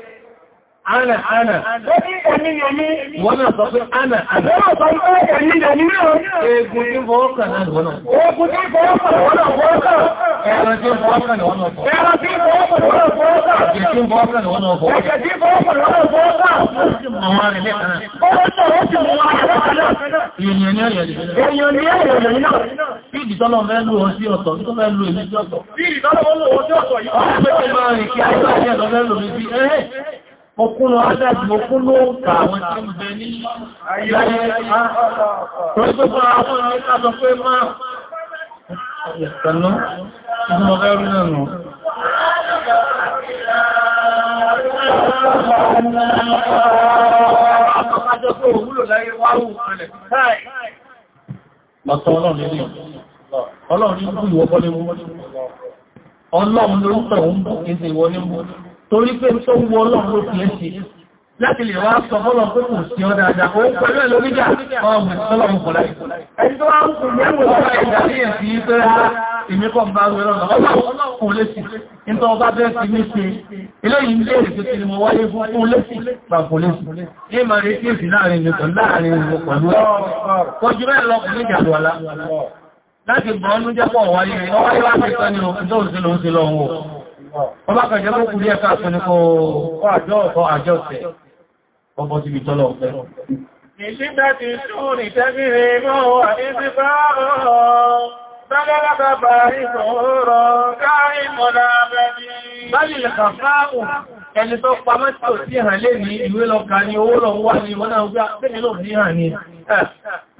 Ana, ana. Ó ní ẹ̀mí yẹmí. Wọ́n náà sọ pé ana, ana. Ó sọ pé ẹ̀mí yẹmí náà. Egun tí ń fọwọ́ kàn náà wọ́n náà. Egun tí ń fọwọ́ kàn wọ́n náà fọwọ́ kàn. Ẹran tí ń fọwọ́ kàn wọ́n náà fọwọ́ kàn. Ẹran tí ń fọwọ́ kàn wọ́n náà fọwọ́ kàn. Ẹ̀jẹ̀ tí ń fọwọ́ kàn wọ́n náà fọwọ́ kàn. Ẹ̀jẹ̀ tí ń fọwọ́ kàn wọ́n náà fọwọ́ kàn. Màmá rẹ̀ lẹ́ka náà. Ó sọ ó sì mú wa àlọ́kà náà. Èèyàn ni ẹ̀yẹ̀ yìí náà. Èèyàn ni ẹ̀yẹ̀ yìí náà. Bí ìdìtọ́lọ́ fẹ́ lù ọ sí ọ̀tọ̀, bí tó fẹ́ lù èmi sí ọ̀tọ̀. Bí ìdìtọ́lọ́ fẹ́ lù ọ sí ọ̀tọ̀ yìí. Ọ̀pẹ́ Mọ̀kúnnà Aṣáàtì mọ̀kúnnà òkà àwọn tí ń bẹ ní ayé Ọ̀tọ̀ ọlọ́run ní ìlú. Ọlọ́run ní ìlú ìwọ́pọ̀ ní mú. Ọlọ́run lórúkọ̀ òun bú, ìsìn ìwọ ní mú torí pé tó wọ ọlọ́run ló fi ń ṣe láti lè wá sọ fọ́lọ̀ pé kò sí ọ dáadáa ó pẹ̀lú ẹ̀ lórí jà ọmọ ìtọ́lọ́run kò láì ẹni tó wá ń kò mẹ́wọ̀ lọ́wọ́ ìdáríyẹ̀ sí pé rárá ah, èmi kọ́ bá rẹ̀ lọ́nà ọlọ́run kò lé sí nítorí ọba bẹ́ẹ̀ sí ní ṣe eléyìí ń léèrè tó ti ni mo wáyé fún kún lé sí gbà kò lé sí ní ìmọ̀ rẹ̀ kí èsì láàrin mi pẹ̀lú láàrin mi pẹ̀lú kọjú bẹ́ẹ̀ lọ kùn ní ìjàdù ọ̀la láti bọ̀ ọ́nú jẹ́pọ̀ wáyé ọwáyé wá ti sọ ní òṣèlú òṣèlú ọ̀hún Ọba kan jẹ́ kókù ní ẹ̀ká àṣọ́ni kó àjọ́ ọ̀tọ́ àjọ́ ọ̀tẹ̀ ọmọ ti bí tọ́lọ̀ ọ̀fẹ́. Ìṣígbà ti ṣúrù ìtẹ́bìrì mọ́ wà ní sí bá rọ̀ Bágálàbà bá ìṣòro káàrí mọ́lá bẹ́bí. Báyìí lè kàfá ẹni tó pamọ́ tí ò sí hàn lè ní ìwé lọ́ka ní owó lọ wá ní wọ́n náà gbá pẹ́lẹ̀ lò ní hàn ní.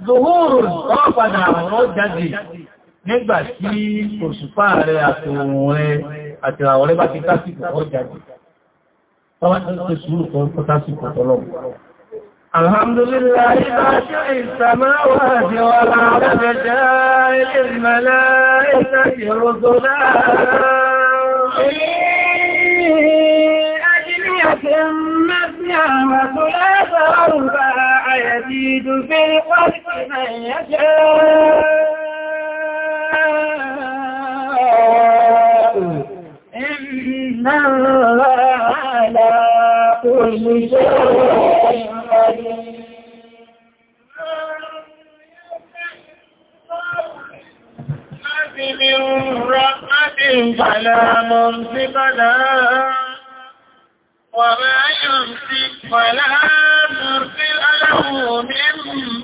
Zuhúrù wọ́n padà rọ́ jáde nígbà òṣùpá rẹ̀ àtòrùn rẹ̀ àti àwọn ọ̀rẹ́ bá ti tásìkò ọjà الحمد لله باشع السماوات والعرب جائل الملائكة رسلا أجنية مثنى وثلاث أرباع يزيد في الخلق من يشاء Iná àlá olùṣẹ́ ìrìnàjò. من رحمة فلا ممسك لها وما يمسك فلا مرسل له من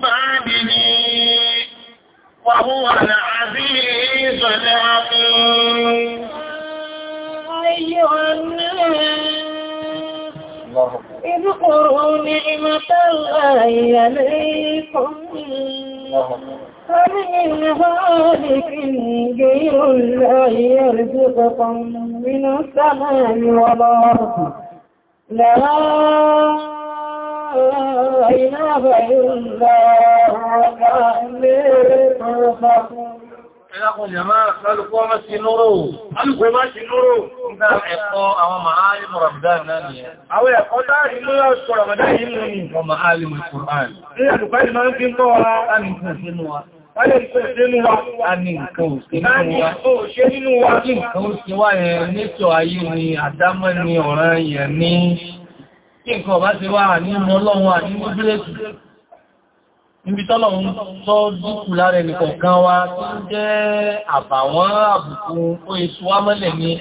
بعده وهو العزيز الحكيم أيها الناس اذكروا نعمة الله عليكم هل من ذلك غير الله يرزقكم من السماء والأرض لا إله إلا هو عليه Ẹlákùn jàmá kálùkọ́ má sí lóró. Kálùkọ́ má sí lóró. Nígbà ẹ̀kọ́ àwọn màálì Ramadan náà ni ẹ. Àwọn ẹ̀kọ́ dáàrí ló yọ sọ Ramadan yìí mú ní ọmọ màálì Kùrán. Ní àdùkọ́ ìmọ̀ ń fi ń bọ́ wa. A ní nǹkan sínú wa. A ní nǹkan òṣè nínú wa. A ní nǹkan òṣè wá yẹn nítọ̀ ayé ni àdámọ́ ni ọ̀ràn yẹn ní. Kí nǹkan ọ̀bá ti wá nínú ọlọ́run àti ní níbi tọ́lọ̀ ń tọ́ dúkù lára ẹnìkan kan wá tó ń jẹ́ àbàwọ́n àbùkù ó èso wá mọ́lẹ̀ ní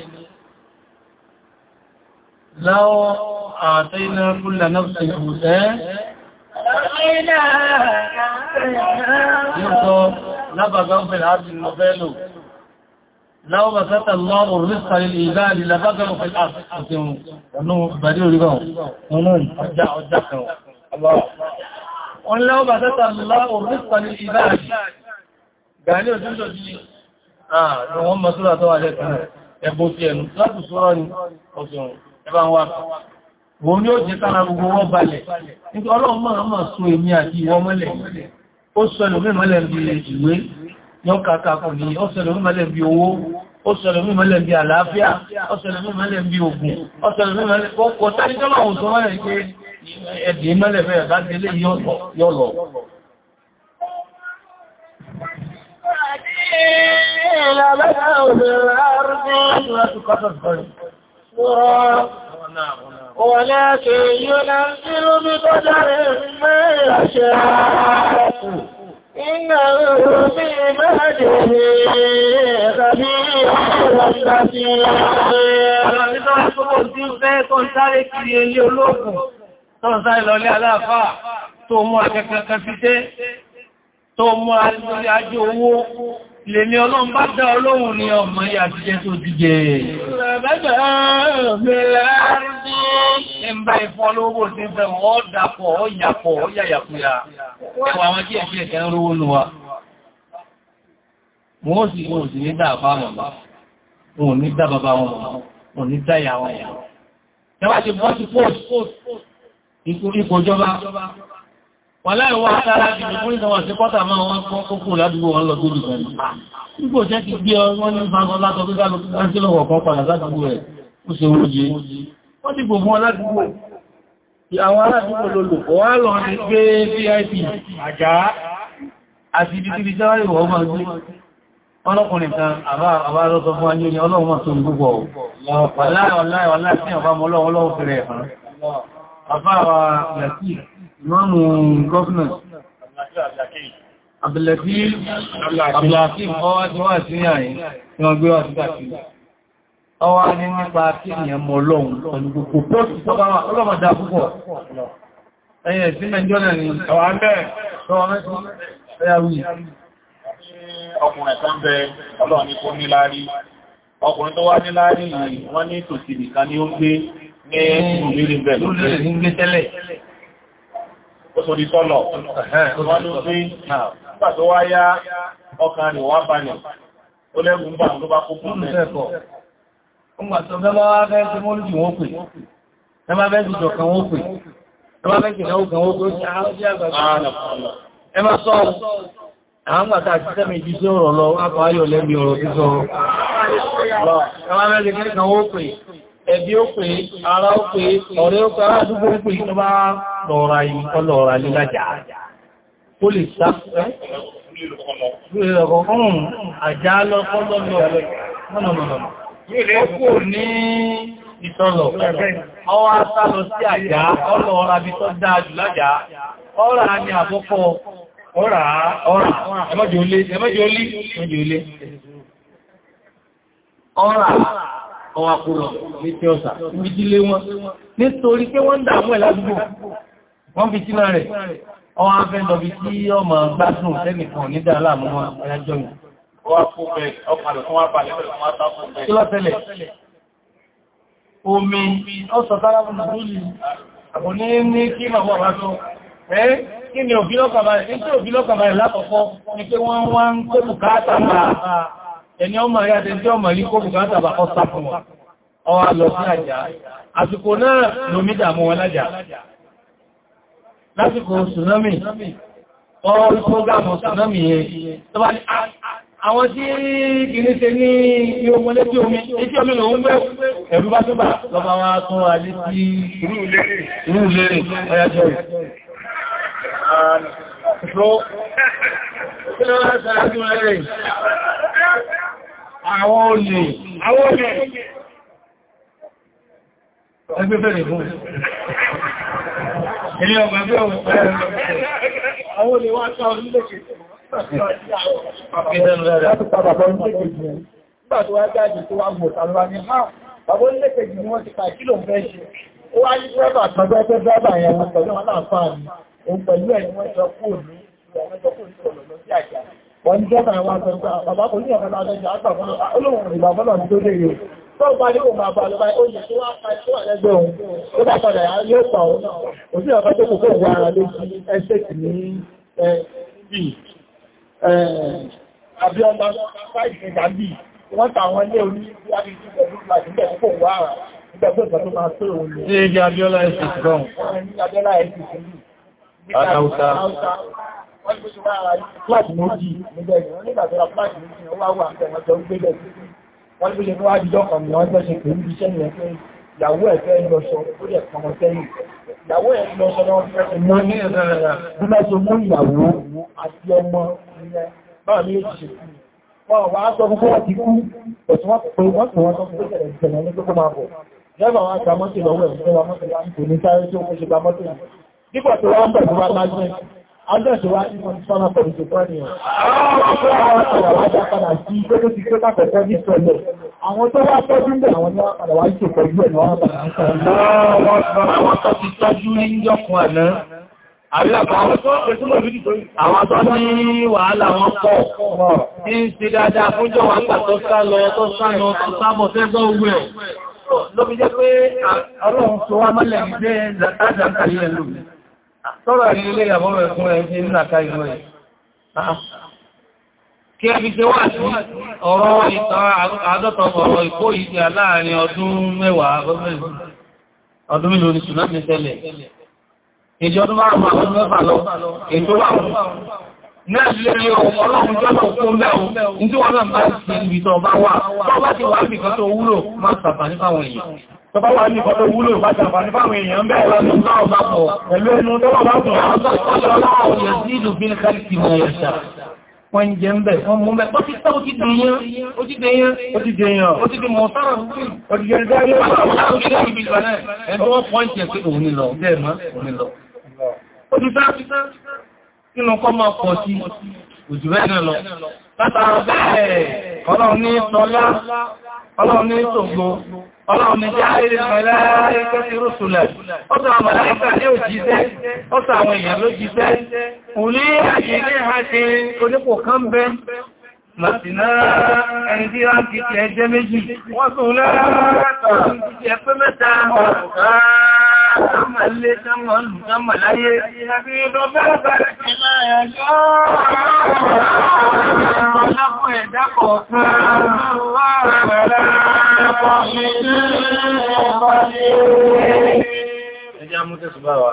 láwọ́ àtẹ́lẹ́ kúlẹ̀ náà sí ìbùsẹ́ Yóò lábàgbà ń fẹ̀lẹ̀ àti ìlọ́fẹ́lò. Láwọ́ bàtàtà lọ́rùn rísàrí ìgbàlì lábàgbà ń fẹ̀lẹ̀ àti ìsinmi. Ọ̀nà ìbàdí orí kan, Allah wọ́n lọ́wọ́ bá tẹ́ta láwọ̀ rúkọ̀ ní ìbáàdì gàní òjújọ jí ààrùn wọn mọ̀ sóra tó wà lẹ́kùn ẹ̀bù ti ẹ̀nu láti sọ́rọ̀ ní ọ̀sùn ẹbá ń wá wọ́n ni ó jẹ́ kára gbogbo wọ́n balẹ̀ nítorí ọlọ́run máa máa so èmi àti ìwọ mọ́lẹ̀ ó sọ ẹlòmí mọ́lẹ̀ bí ìwé yọ́n kàkà kò ní ó sọ ẹlòmí mọ́lẹ̀ bí owó ó sọ ẹlòmí àlàáfíà ó sọ ẹlòmí mọ́lẹ̀ bí ògùn ó sọ ẹlòmí mọ́lẹ̀ bí ọkọ̀ tàbí tọ́lọ̀ ẹ̀dì mẹ́lẹ̀ mẹ́rẹ̀ bá délé yọ́ lọ. ولكن ينزل بقدر ما يشاء إنه بمهده خبير بصير tọ́n sáré lọlé aláàfáà tó mú akẹ́kẹ́kẹ́ sí tẹ́ tó mú alórí ajé owó lè ní ọlọ́run bá dá olóhun ní ọmọ yà ti jẹ́ tó ti jẹ́ Ìgbà ìfọ́lówó ti fẹ́ wọ́n dàpọ̀, ó yàpọ̀, ó yàyàkúyà. Ẹwà àwọn kí ẹ̀kí ẹ̀kẹ́ ń rówó lówà. Wọ́n sì wọ́n sì ní dá àbá màmá, wọ́n ní dá bàbá wọn, wọ́n ní dá ìyá wọn. Ẹwà ti bọ́ sí pọ́ọ̀sì ipò ìjọba wà láìwọ́ àtàrà jù ní fún ìdánwà sí pọ́tà máa wọ́n kọ́ kókò ládùúgbò wọn lọ tó lù pẹ̀lú ipò jẹ́ ti gbé ọwọ́n ní fagbọn látọ̀ tó dá lókè láti lọ́wọ́ kan padà ládùúgbò rẹ̀ ó ṣe oúnjẹ wọ́n ti gbò fún ọ ládùúgbò àwọn aládùúgbò lolùkọ́ wá lọ ní pé vip àjá àti ibi tíbi jáwárí wọ́n máa gbé ọlọ́kùnrin kan àbá lọ́sọ fún ayé ni ọlọ́run máa tó ń gbogbo ọ̀ àfáàwà yàtí ìmọ́mù gọ́fìnà àbìlẹ̀tí àbìlẹ̀tí ọwá tí wà sí àyí tí wọ́n gbé wà sí àti ọwá ní nípa kí ènìyàn mọ̀ lọ́un pẹ̀lú gbogbo pọ́ọ̀tù tó ọkùnrin kan bẹ ọlọ́run ní kó níláárí ọkùnrin tó wá ní tòsìlì ní ìlúrí bẹ̀rẹ̀ lórílẹ̀ ní ilé tẹ́lẹ̀ ó sọ di sọ́lọ̀ wọ́n ló sí nígbà tó wá yá ọkàn rẹ̀ wá bá nìí ó lẹ́gùn bá tó bá kókó mẹ́kọ̀ọ́ nígbà tó bẹ́ bá wá fẹ́ tí mọ́ lùdì wọ́n pè ẹ má fẹ́ jùjọ kan wọ́n pè ẹ má fẹ́ jìnà ogun wọ́n pè ẹ má sọ àwọn gbàtà àti sẹ́mi ìdí sí ọ̀rọ̀ lọ wá kọ́ ayọ̀ lẹ́bi ọ̀rọ̀ sísọ ọ̀rọ̀ ẹ má fẹ́ jìnà ogun wọ́n pè ẹbí ó pé ara ó pé ọ̀rẹ́ ó pé ara àdúgbò ó pé tó bá lọ́ra yìí kọ́ lọ́ra lílájà ó lè sá àjá lọ́kọ́ lọ́lọ́ ìtọ́lọ̀. Ọwọ́ asá lọ sí àjá, ọlọ ọ̀rà bí tọ́ ni àkọ́kọ́ ọ̀rà ọ̀rà, ẹmọ́jì olé, ẹmọ́jì olé. Ọ̀rà ọwà kúrò ní tí ọ̀sà níbi dílé wọn nítorí pé wọ́n dàmú ẹ̀ ládùúgbò wọ́n fi tínà rẹ̀ ọwà afẹ́ lọ́bi tí ọmọ gbásùn tẹ́nìkan ní dáadáa mú wọn ẹjọ́ yìí ọwà kú bẹ̀ kí lọ́tẹ̀lẹ̀ omi ọ̀sọ̀ ní pé wọ́n wá ń kó bùkátà máa ẹni ọmọ rí àti ẹjọ́ ọmọ rí kó bùkátà bá kọ́ sáfún wọn ọwá lọ sí àjá àsìkò náà lómi dàmú wọn lájá lásìkò tsunami ọrùn prógámù tsunami yẹn tó bá ní ah, ah, àwọn tí kìí ṣe ní ìwọ̀n létí omi etí omi lòun bẹ́ ẹ̀rú bá túbà lọ́ba wá tún àwọn olè àwọn olè ẹgbẹ́ bẹ̀rẹ̀ fún ilé ọmọ ẹgbẹ́ ọmọ àwọn olè wá sáà orílẹ̀ Bàbá ní lẹ́kẹ̀ẹ́jì ni wọ́n ti pàì kí ló Ó wá ní dírẹ́bà kan gbẹ́gbẹ́ dírẹ́bà yẹn pẹ̀lú wọn láàfáà ni, òun pẹ̀lú ẹ̀ ni wọ́n jọ kúrò ní ìwọ̀n jọ kúrò ní ọ̀lọ́lọ́ sí àjá wọ́n jọ́ta àwọn akọ̀rọ̀kọ̀ àpapà kò ní ọ̀kan láti ọjà àpapà olóòrùn ìgbàbọ́lọ̀ ní tó lè yóò tó bá ní òun àpapà lọ́pàá ó yẹ tó wá pa tó wà lẹ́gbẹ̀ òun ó bá padà yóò pa òun náà kò sí ọ̀kan tó kò kó wà ara lójú ẹsẹ̀ tì ní bí àbí ọba fáìsì tàbí wọ́n ta àwọn ilé orí láti ìgbẹ̀kùn wà ara ìgbẹ̀kùn tó máa tó òun lè. Ṣé ìgbẹ̀ Abíọ́lá ẹ̀sìn wọ́n ti bá ara fúláàtì méjì níbẹ̀ wọ́n tó ṣe fún iṣẹ́ nìyẹn pé ìyàwó ẹ̀ fẹ́ ó dẹ̀ kọmọ sẹ́yìn ìyàwó ẹ̀ lọ sọ fẹ́ mọ́ ní ìyàwó àti ọmọ ilẹ̀ báwọn méjì ṣe kú wọ́n wá sọ fún wọ́n ti kú ọ̀tún wọ́n pè wọ́n pè wọ́n sọ fún ìṣẹ̀lẹ̀ ìṣẹ̀lẹ̀ ní gbogbo máa bọ̀ lẹ́bàá wọn àti àmọ́sí lọ́wọ́ ẹ̀ ń tẹ́wàá mọ́sí láti kò ní sáré tí ó kó ṣe gbà mọ́tò dípò tó wọ́n bẹ̀ tó wá Adọ́ṣọ́wá ní wọn sọ́nà pẹ̀lú ìjọba ni ọ̀. Àwọn tó wá tọ́jú ń bẹ̀ àwọn ní àpàdà wá ìṣò pẹ̀lú ẹ̀nà wọn bàrà ń sọ́rọ̀. Àwọn tó ti tọ́jú ní ìjọkùn àná. Àwọn tó ní wàhálà wọn pọ̀. Ní ṣe dáadáa fúnjọ wà ń gbà tó sá lọ, tó sá lọ, tó sábọ̀ fẹ́ gbọ́ ogun ẹ̀. Lóbi jẹ́ pé ọlọ́run tó wá mọ́lẹ̀ Tọ́rọ ah. Kí ẹbí ṣe wà sí ọ̀rọ̀ ìtàn àádọ́ta ọ̀rọ̀ ìkó ìjà láàrin ọdún mẹ́wàá ọdún mélòó ni tsunami tẹ́lẹ̀. Ìjọ ọdún márùn-ún àwọn mẹ́fà lọ, ètò wà, tọ́ bá tọba wà ní ìfọ́tọ̀ wúlò ìfàṣàfàní fáwọn èèyàn bẹ́ẹ̀ lọ ní ọ̀nà ọ̀bá pọ̀ pẹ̀lú ẹnu tọ́wọ́ bá tún wọ́n ń jẹ ń bẹ̀ wọ́n mú mẹ́ ó ti tọ́ ó ti dèyàn ó ti dèyàn ó ti dèyàn ó ti di mọ̀ sára ó ti jẹ́ ìdáyé ó ti dèyàn ìbìlẹ̀ ẹgbẹ́ wọ́n pọ́ǹtì ẹ̀ pé òun ni bẹ́ẹ̀ ọlọ́run ní ṣògbó ọlọ́run ní jáàrí mẹ́lẹ́rẹ́kẹ́ ti rúsùlẹ̀ ọ́sọ̀ àwọn mẹ́lẹ́kẹ́ ní òjíṣẹ́ ọ́sọ̀ àwọn èèyàn ló jíṣẹ́ òní àjílé àti onípò kan bẹ Màtìná ẹni tí wọ́n kìí ẹjẹ́ méjì, wọ́n tún lẹ́rẹ́ sánmà lé sánmà láyé. Ọlọ́pọ̀ ẹ̀dá kọ̀ọ̀kan. Ẹjá mú tẹ́sù bá wa.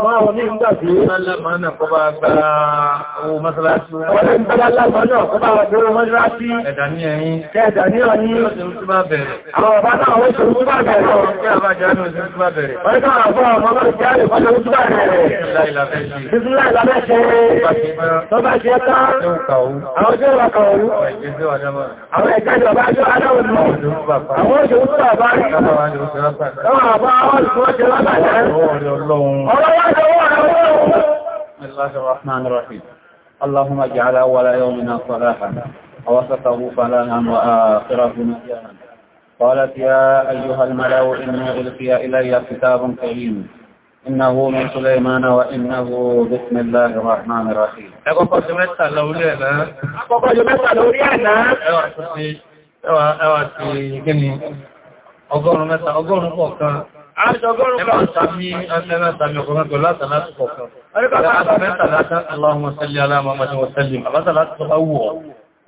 àwọn ní ìgbà sí. Ọlọ́mọ náà kọ́ bá gba owó mọ́sálásí. Ọlọ́mọ náà kọ́ bá gba owó mọ́sálásí. Ẹ̀dà ní ẹ̀yìn. Ẹ̀dà ní ọ̀yìn. Ọlọ́mọ tó bá bẹ̀rẹ̀. Àwọn ọ̀bá náà ó ṣe orúkú bá bẹ̀rẹ̀. Ọ̀rọ̀ bá jẹ́ àánú ìṣẹ́ orúkú bá bẹ̀rẹ̀. Ọ̀rọ̀ bá àwọn ọmọ ọmọ ìjẹ́ àrẹ̀ Àwọn ọjọ́ ìwà kan òru. Àwọn ẹ̀kẹ́ ìjọba ajọ́ adáwọn Àwọn ọjọ́ orúkú bá bá Àwọn àbá بسم الله الرحمن الرحيم اللهم اجعل أول يومنا صلاحا ووسطه فلاحا وآخره نجاحا قالت يا أيها الملأ إني ألقي إلي كتاب كريم إنه من سليمان وإنه بسم الله الرحمن الرحيم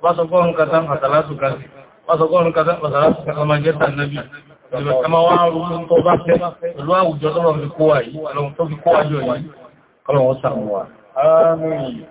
Wọ́sọ̀gọ́rùn kàtàn àtàlátù kàtì, wọ́sọ̀gọ́rùn kàtàn àtàlátù kàmàjẹ́ta nàbí, ìbẹ̀ kama wá rúrú tó bá fẹ́, pẹ̀lú àwùjọ tó rọ̀ fi kó wà yìí, ọlọ́run tó fi kó wà jọ yìí, ọlọ́run sàmúwà. Àmín.